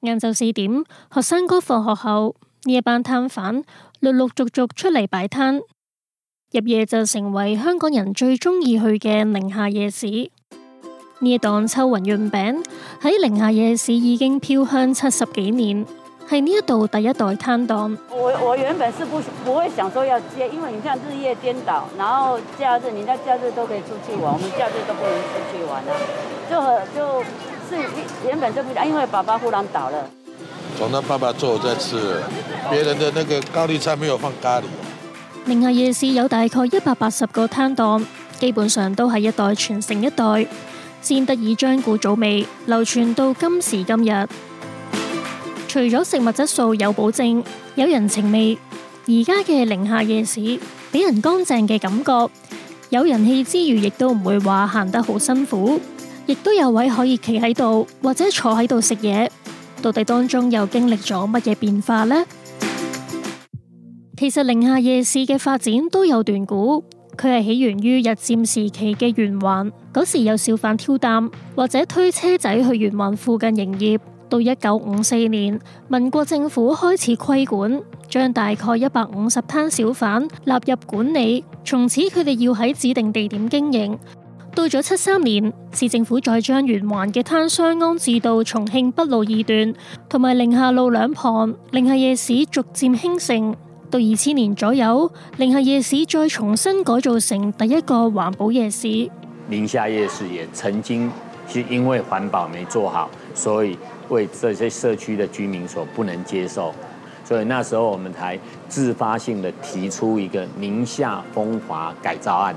晏晝四點，學生哥放學後，呢一班攤販陸陸續續出嚟擺攤，入夜就成為香港人最中意去嘅寧夏夜市。呢檔秋雲潤餅喺寧夏夜市已經飄香七十幾年，係呢一度第一代攤檔。我我原本是不不會想說要接，因為你看日夜顛倒，然後假日你喺假日都可以出去玩，我們假日都不能出去玩啦，就就。原本就唔得，因為爸爸忽然倒了。從他爸爸做再吃，別人的那個高麗菜沒有放咖喱。寧夏夜市有大概一百八十個攤檔，基本上都係一代傳承一代，先得以將古早味流傳到今時今日。除咗食物質素有保證，有人情味，而家嘅寧夏夜市俾人乾淨嘅感覺，有人氣之餘，亦都唔會話行得好辛苦。亦都有位可以企喺度或者坐喺度食嘢，到底當中又經歷咗乜嘢變化呢？ 其實寧夏夜市嘅發展都有段古，佢係起源於日治時期嘅圓環，嗰時有小販挑擔或者推車仔去圓環附近營業。到一九五四年，民國政府開始規管，將大概一百五十攤小販納入管理，從此佢哋要喺指定地點經營。到咗七三年，市政府再將圓環嘅攤商安置到重慶北路二段同埋寧夏路兩旁，寧夏夜市逐漸興盛。到二千年左右，寧夏夜市再重新改造成第一個環保夜市。寧夏夜市也曾經是因為環保沒做好，所以為這些社區的居民所不能接受，所以那時候我們才自發性的提出一個寧夏風華改造案。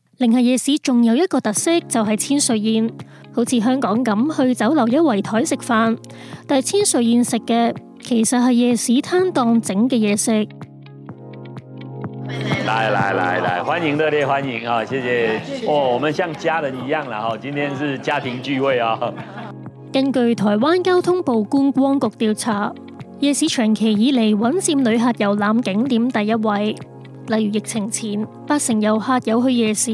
另係夜市，仲有一個特色就係千歲宴，好似香港咁去酒樓一圍台食飯，但係千歲宴食嘅其實係夜市攤檔整嘅嘢食。來來來來，歡迎熱烈歡迎啊！謝謝哦，我們像家人一樣啦，哈！今天是家庭聚會啊。根據台灣交通部觀光局調查，夜市長期以嚟穩佔旅客遊覽景點第一位。例如疫情前，八成遊客有去夜市。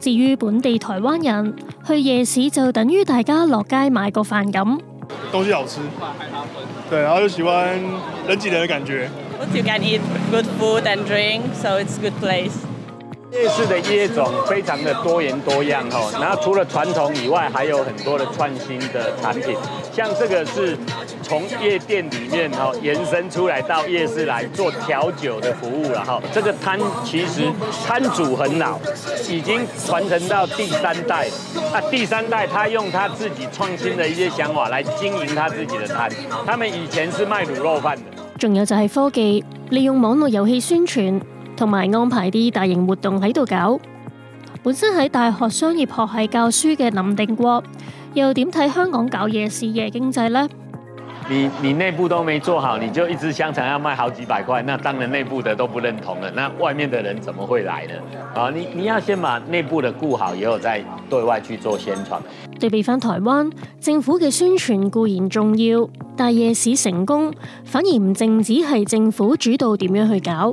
至於本地台灣人，去夜市就等於大家落街買個飯咁。東西好吃，對，然後又喜歡人擠人的感覺。You can eat good food and drink, so it's good place. 夜市的業種非常的多元多樣，哈，然後除了傳統以外，還有很多的創新嘅產品。像這個是，從夜店裡面延伸出來到夜市來做調酒的服務啦。哈，這個攤其實攤主很老，已經傳承到第三代。啊，第三代他用他自己創新的一些想法來經營他自己的攤。他們以前是賣滷肉飯的。仲有就係科技，利用網絡遊戲宣傳，同埋安排啲大型活動喺度搞。本身喺大學商業學系教書嘅林定國，又點睇香港搞夜市夜經濟呢？你你內部都沒做好，你就一支香腸要賣好幾百塊，那當然內部的都不認同了，那外面的人怎麼會來呢？啊，你你要先把內部的顧好，然後再對外去做宣傳。對比翻台灣政府嘅宣傳固然重要，但夜市成功反而唔淨止係政府主導點樣去搞。